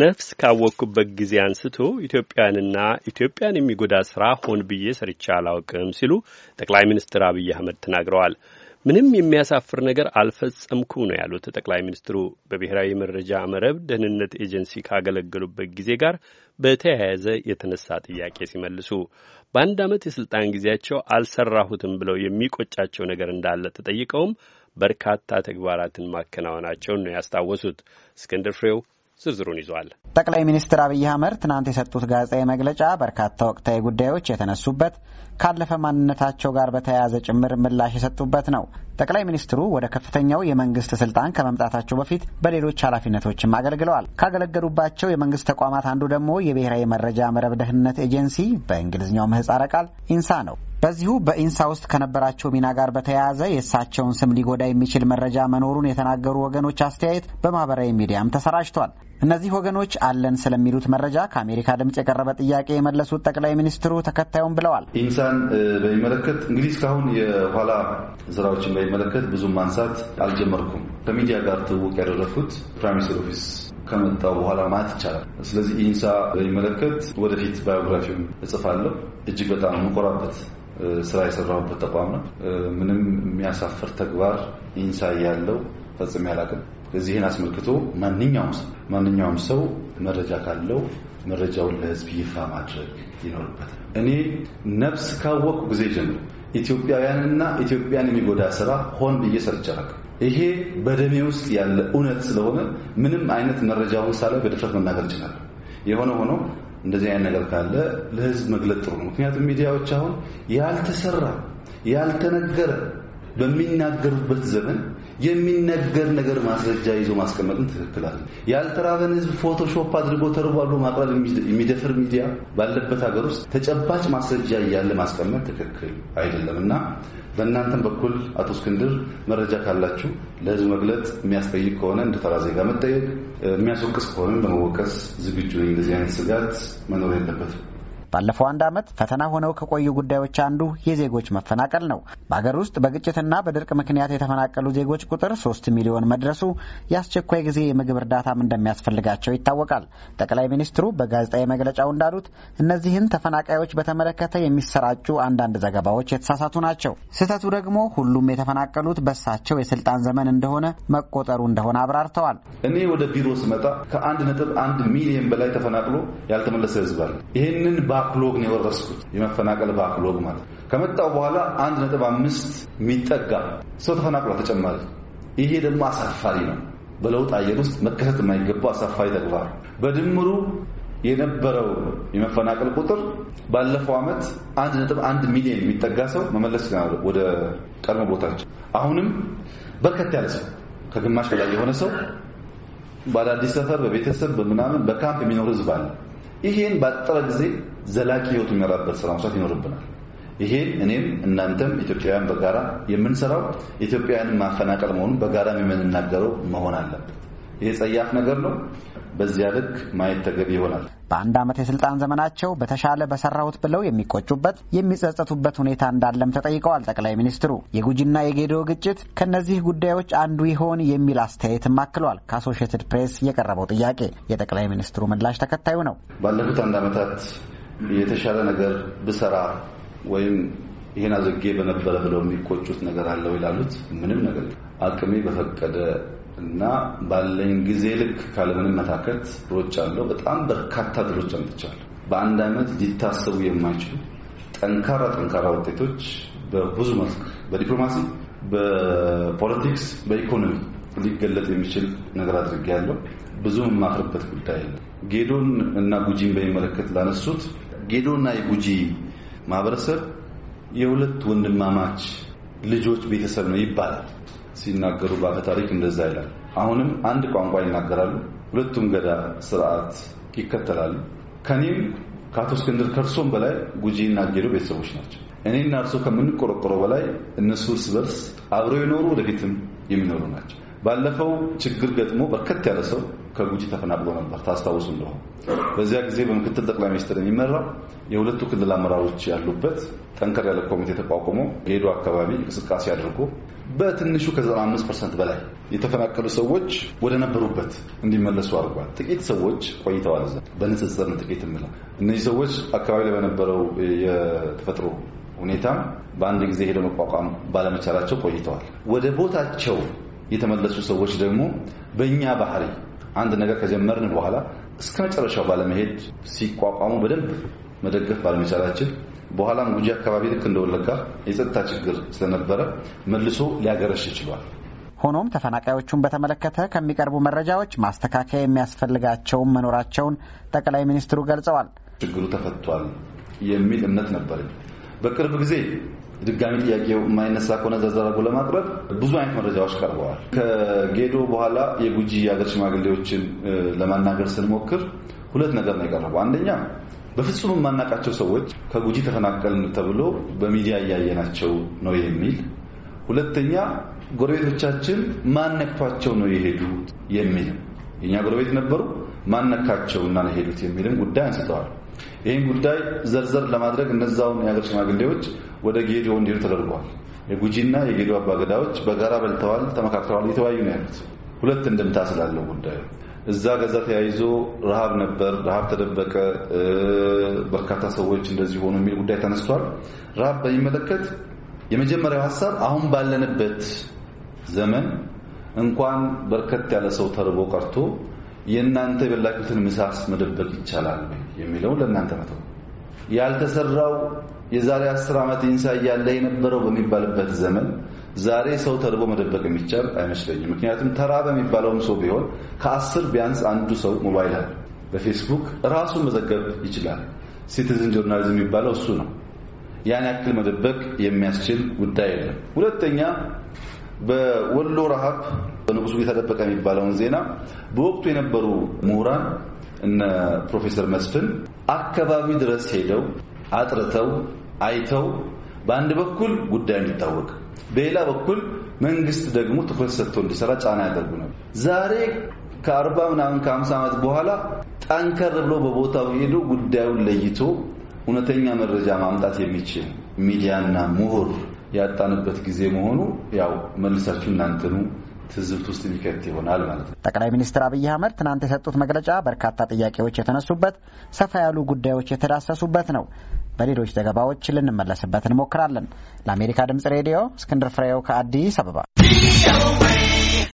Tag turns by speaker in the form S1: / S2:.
S1: ነፍስ ካወቅኩበት ጊዜ አንስቶ ኢትዮጵያንና ኢትዮጵያን የሚጎዳ ስራ ሆን ብዬ ሰርቻ አላውቅም ሲሉ ጠቅላይ ሚኒስትር አብይ አህመድ ተናግረዋል። ምንም የሚያሳፍር ነገር አልፈጸምኩ ነው ያሉት ጠቅላይ ሚኒስትሩ በብሔራዊ መረጃ መረብ ደህንነት ኤጀንሲ ካገለገሉበት ጊዜ ጋር በተያያዘ የተነሳ ጥያቄ ሲመልሱ በአንድ ዓመት የስልጣን ጊዜያቸው አልሰራሁትም ብለው የሚቆጫቸው ነገር እንዳለ ተጠይቀውም በርካታ ተግባራትን ማከናወናቸውን ነው ያስታወሱት። እስክንድር ፍሬው ዝርዝሩን ይዟል።
S2: ጠቅላይ ሚኒስትር አብይ አህመድ ትናንት የሰጡት ጋዜጣዊ መግለጫ በርካታ ወቅታዊ ጉዳዮች የተነሱበት ካለፈ ማንነታቸው ጋር በተያያዘ ጭምር ምላሽ የሰጡበት ነው። ጠቅላይ ሚኒስትሩ ወደ ከፍተኛው የመንግስት ስልጣን ከመምጣታቸው በፊት በሌሎች ኃላፊነቶችም አገልግለዋል። ካገለገሉባቸው የመንግስት ተቋማት አንዱ ደግሞ የብሔራዊ መረጃ መረብ ደህንነት ኤጀንሲ በእንግሊዝኛው ምህጻረ ቃል ኢንሳ ነው። በዚሁ በኢንሳ ውስጥ ከነበራቸው ሚና ጋር በተያያዘ የእሳቸውን ስም ሊጎዳ የሚችል መረጃ መኖሩን የተናገሩ ወገኖች አስተያየት በማህበራዊ ሚዲያም ተሰራጭቷል። እነዚህ ወገኖች አለን ስለሚሉት መረጃ ከአሜሪካ ድምፅ የቀረበ ጥያቄ የመለሱት ጠቅላይ ሚኒስትሩ ተከታዩም ብለዋል።
S1: ኢንሳን በሚመለከት እንግዲህ እስካሁን የኋላ ስራዎችን በሚመለከት ብዙ ማንሳት አልጀመርኩም። ከሚዲያ ጋር ትውውቅ ያደረግኩት ፕራይም ሚኒስትር ኦፊስ ከመጣው በኋላ ማለት ይቻላል። ስለዚህ ኢንሳ በሚመለከት ወደፊት ባዮግራፊም እጽፋለሁ። እጅግ በጣም የምኮራበት ስራ የሰራሁበት ተቋም ነው። ምንም የሚያሳፍር ተግባር ኢንሳይ ያለው ፈጽሜ አላውቅም። እዚህን አስመልክቶ ማንኛውም ሰው ማንኛውም ሰው መረጃ ካለው መረጃውን ለህዝብ ይፋ ማድረግ ይኖርበታል። እኔ ነፍስ ካወቅኩ ጊዜ ጀምሮ ኢትዮጵያውያንና ኢትዮጵያን የሚጎዳ ስራ ሆን ብዬ ይሄ በደሜ ውስጥ ያለ እውነት ስለሆነ ምንም አይነት መረጃውን ሳላይ በድፍረት መናገር ይችላል። የሆነ ሆኖ እንደዚህ አይነት ነገር ካለ ለህዝብ መግለጥ ጥሩ ነው። ምክንያቱም ሚዲያዎች አሁን ያልተሰራ ያልተነገረ በሚናገሩበት ዘመን የሚነገር ነገር ማስረጃ ይዞ ማስቀመጥን ትክክል አለ። ያልተራበን ህዝብ ፎቶሾፕ አድርጎ ተርባሎ ማቅረብ የሚደፍር ሚዲያ ባለበት ሀገር ውስጥ ተጨባጭ ማስረጃ እያለ ማስቀመጥ ትክክል አይደለም እና በእናንተም በኩል አቶ እስክንድር መረጃ ካላችሁ ለህዝብ መግለጥ የሚያስጠይቅ ከሆነ እንደ ተራ ዜጋ መጠየቅ፣ የሚያስወቅስ ከሆነ ለመወቀስ ዝግጁ ነኝ። እንደዚህ አይነት ስጋት መኖር የለበትም።
S2: ባለፈው አንድ ዓመት ፈተና ሆነው ከቆዩ ጉዳዮች አንዱ የዜጎች መፈናቀል ነው። በአገር ውስጥ በግጭትና በድርቅ ምክንያት የተፈናቀሉ ዜጎች ቁጥር ሶስት ሚሊዮን መድረሱ የአስቸኳይ ጊዜ የምግብ እርዳታም እንደሚያስፈልጋቸው ይታወቃል። ጠቅላይ ሚኒስትሩ በጋዜጣዊ መግለጫው እንዳሉት እነዚህን ተፈናቃዮች በተመለከተ የሚሰራጩ አንዳንድ ዘገባዎች የተሳሳቱ ናቸው። ስህተቱ ደግሞ ሁሉም የተፈናቀሉት በሳቸው የስልጣን ዘመን እንደሆነ መቆጠሩ እንደሆነ አብራርተዋል። እኔ ወደ ቢሮ ስመጣ ከአንድ ነጥብ አንድ ሚሊዮን በላይ
S1: ተፈናቅሎ ያልተመለሰ ህዝብ አለ። ይህንን ባክሎግ ነው የወረስኩት። የመፈናቀል ባክሎግ ማለት ከመጣው በኋላ አንድ ነጥብ አምስት የሚጠጋ ሰው ተፈናቅሏል ተጨማሪ። ይሄ ደግሞ አሳፋሪ ነው። በለውጥ አየር ውስጥ መከሰት የማይገባው አሳፋሪ ተግባር። በድምሩ የነበረው የመፈናቀል ቁጥር ባለፈው ዓመት አንድ ነጥብ አንድ ሚሊዮን የሚጠጋ ሰው መመለስ ይችላል ወደ ቀድሞ ቦታቸው። አሁንም በርከት ያለ ሰው ከግማሽ በላይ የሆነ ሰው በአዳዲስ ሰፈር በቤተሰብ በምናምን በካምፕ የሚኖር ህዝብ አለ። ይህን ባጠረ ጊዜ ዘላቂ ህይወት የሚመራበት ስራ መስራት ይኖርብናል። ይሄ እኔም እናንተም ኢትዮጵያውያን በጋራ የምንሰራው ኢትዮጵያውያን ማፈናቀል መሆኑን በጋራ የምንናገረው መሆን አለበት። ይሄ ጸያፍ ነገር ነው። በዚያ ልክ ማየት ተገቢ ይሆናል።
S2: በአንድ ዓመት የስልጣን ዘመናቸው በተሻለ በሰራሁት ብለው የሚቆጩበት የሚጸጸቱበት ሁኔታ እንዳለም ተጠይቀዋል ጠቅላይ ሚኒስትሩ። የጉጂና የጌዲኦ ግጭት ከእነዚህ ጉዳዮች አንዱ ይሆን የሚል አስተያየትም አክሏል። ከአሶሽየትድ ፕሬስ የቀረበው ጥያቄ የጠቅላይ ሚኒስትሩ ምላሽ ተከታዩ ነው። ባለፉት አንድ ዓመታት
S1: የተሻለ ነገር ብሰራ ወይም ይሄን አዘጌ በነበረ ብለው የሚቆጩት ነገር አለው ይላሉት። ምንም ነገር አቅሜ በፈቀደ እና ባለኝ ጊዜ ልክ ካለምንም መታከት ድሮች አለው። በጣም በርካታ ድሮች አምጥቻለሁ። በአንድ ዓመት ሊታሰቡ የማይችሉ ጠንካራ ጠንካራ ውጤቶች በብዙ መልክ በዲፕሎማሲ፣ በፖለቲክስ፣ በኢኮኖሚ ሊገለጥ የሚችል ነገር አድርጌ ያለው። ብዙ የማፍርበት ጉዳይ ጌዶን እና ጉጂን በሚመለከት ላነሱት የጌዶና የጉጂ ማህበረሰብ የሁለት ወንድማማች ልጆች ቤተሰብ ነው ይባላል። ሲናገሩ በአፈ ታሪክ እንደዛ ይላል። አሁንም አንድ ቋንቋ ይናገራሉ። ሁለቱም ገዳ ስርዓት ይከተላሉ። ከኔም ከአቶ እስክንድር ከእርሶም በላይ እና ጌዶ ቤተሰቦች ናቸው። እኔና እርሶ ከምንቆረቆረው በላይ እነሱ እርስ በርስ አብረው የኖሩ ወደፊትም የሚኖሩ ናቸው። ባለፈው ችግር ገጥሞ በርከት ያለ ሰው ከጉጂ ተፈናቅሎ ነበር ታስታውሱ እንደሆነ። በዚያ ጊዜ በምክትል ጠቅላይ ሚኒስትር የሚመራ የሁለቱ ክልል አመራሮች ያሉበት ጠንከር ያለ ኮሚቴ ተቋቁሞ ጌዶ አካባቢ እንቅስቃሴ አድርጎ በትንሹ ከ95 ፐርሰንት በላይ የተፈናቀሉ ሰዎች ወደ ነበሩበት እንዲመለሱ አድርጓል። ጥቂት ሰዎች ቆይተዋል። እዛ በንጽጽር ጥቂት የምለው እነዚህ ሰዎች አካባቢ ላይ በነበረው የተፈጥሮ ሁኔታ በአንድ ጊዜ ሄደው መቋቋም ባለመቻላቸው ቆይተዋል። ወደ ቦታቸው የተመለሱ ሰዎች ደግሞ በእኛ ባህሪ አንድ ነገር ከጀመርን በኋላ እስከ መጨረሻው ባለመሄድ ሲቋቋሙ በደንብ መደገፍ ባለመቻላችን በኋላም ጉጂ አካባቢ ልክ እንደወለጋ የጸጥታ ችግር ስለነበረ መልሶ ሊያገረሽ ይችሏል።
S2: ሆኖም ተፈናቃዮቹን በተመለከተ ከሚቀርቡ መረጃዎች ማስተካከያ የሚያስፈልጋቸውን መኖራቸውን ጠቅላይ ሚኒስትሩ ገልጸዋል።
S1: ችግሩ ተፈቷል የሚል እምነት ነበረኝ። በቅርብ ጊዜ ድጋሚ ጥያቄው የማይነሳ ከሆነ ዘርዘረጉ ለማቅረብ ብዙ አይነት መረጃዎች ቀርበዋል። ከጌዶ በኋላ የጉጂ የአገር ሽማግሌዎችን ለማናገር ስንሞክር ሁለት ነገር ነው የቀረበው። አንደኛ በፍጹም የማናቃቸው ሰዎች ከጉጂ ተፈናቀልን ተብሎ በሚዲያ እያየናቸው ነው የሚል፣ ሁለተኛ ጎረቤቶቻችን ማነቅቷቸው ነው የሄዱ የሚል የእኛ ጎረቤት ነበሩ። ማነካቸው እና ነው ሄዱት የሚልም ጉዳይ አንስተዋል። ይህን ጉዳይ ዘርዘር ለማድረግ እነዛውን የሀገር ሽማግሌዎች ወደ ጌዲዮ እንዲሄዱ ተደርጓል። የጉጂና የጌዲዮ አባገዳዎች በጋራ በልተዋል፣ ተመካክረዋል፣ እየተወያዩ ነው ያሉት። ሁለት እንደምታ ስላለው ጉዳዩ እዛ ገዛ ተያይዞ ረሃብ ነበር፣ ረሃብ ተደበቀ፣ በርካታ ሰዎች እንደዚህ ሆኑ የሚል ጉዳይ ተነስቷል። ረሃብ በሚመለከት የመጀመሪያው ሀሳብ አሁን ባለንበት ዘመን እንኳን በርከት ያለ ሰው ተርቦ ቀርቶ የእናንተ የበላችሁትን ምሳስ መደበቅ ይቻላል የሚለውን ለእናንተ መተው ያልተሰራው የዛሬ አስር ዓመት ኢንሳ እያለ የነበረው በሚባልበት ዘመን ዛሬ ሰው ተርቦ መደበቅ የሚቻል አይመስለኝም። ምክንያቱም ተራ በሚባለውም ሰው ቢሆን ከአስር ቢያንስ አንዱ ሰው ሞባይል አለ፣ በፌስቡክ ራሱ መዘገብ ይችላል። ሲቲዝን ጆርናሊዝም የሚባለው እሱ ነው። ያን ያክል መደበቅ የሚያስችል ጉዳይ የለም። ሁለተኛ በወሎ ረሃብ በንጉሱ ቤት የሚባለውን ዜና በወቅቱ የነበሩ ምሁራን እነ ፕሮፌሰር መስፍን አካባቢ ድረስ ሄደው አጥርተው አይተው በአንድ በኩል ጉዳይ እንዲታወቅ፣ በሌላ በኩል መንግስት ደግሞ ትኩረት ሰጥቶ እንዲሰራ ጫና ያደርጉ ነበር። ዛሬ ከአርባ ምናምን ከአምሳ ዓመት በኋላ ጠንከር ብሎ በቦታው ሄዶ ጉዳዩን ለይቶ እውነተኛ መረጃ ማምጣት የሚችል ሚዲያና ምሁር ያጣንበት ጊዜ መሆኑ ያው መልሳችሁ እናንተኑ ትዝብት ውስጥ የሚከት ይሆናል ማለት ነው።
S2: ጠቅላይ ሚኒስትር አብይ አህመድ ትናንት የሰጡት መግለጫ በርካታ ጥያቄዎች የተነሱበት፣ ሰፋ ያሉ ጉዳዮች የተዳሰሱበት ነው። በሌሎች ዘገባዎች ልንመለስበት እንሞክራለን። ለአሜሪካ ድምጽ ሬዲዮ እስክንድር ፍሬው ከአዲስ አበባ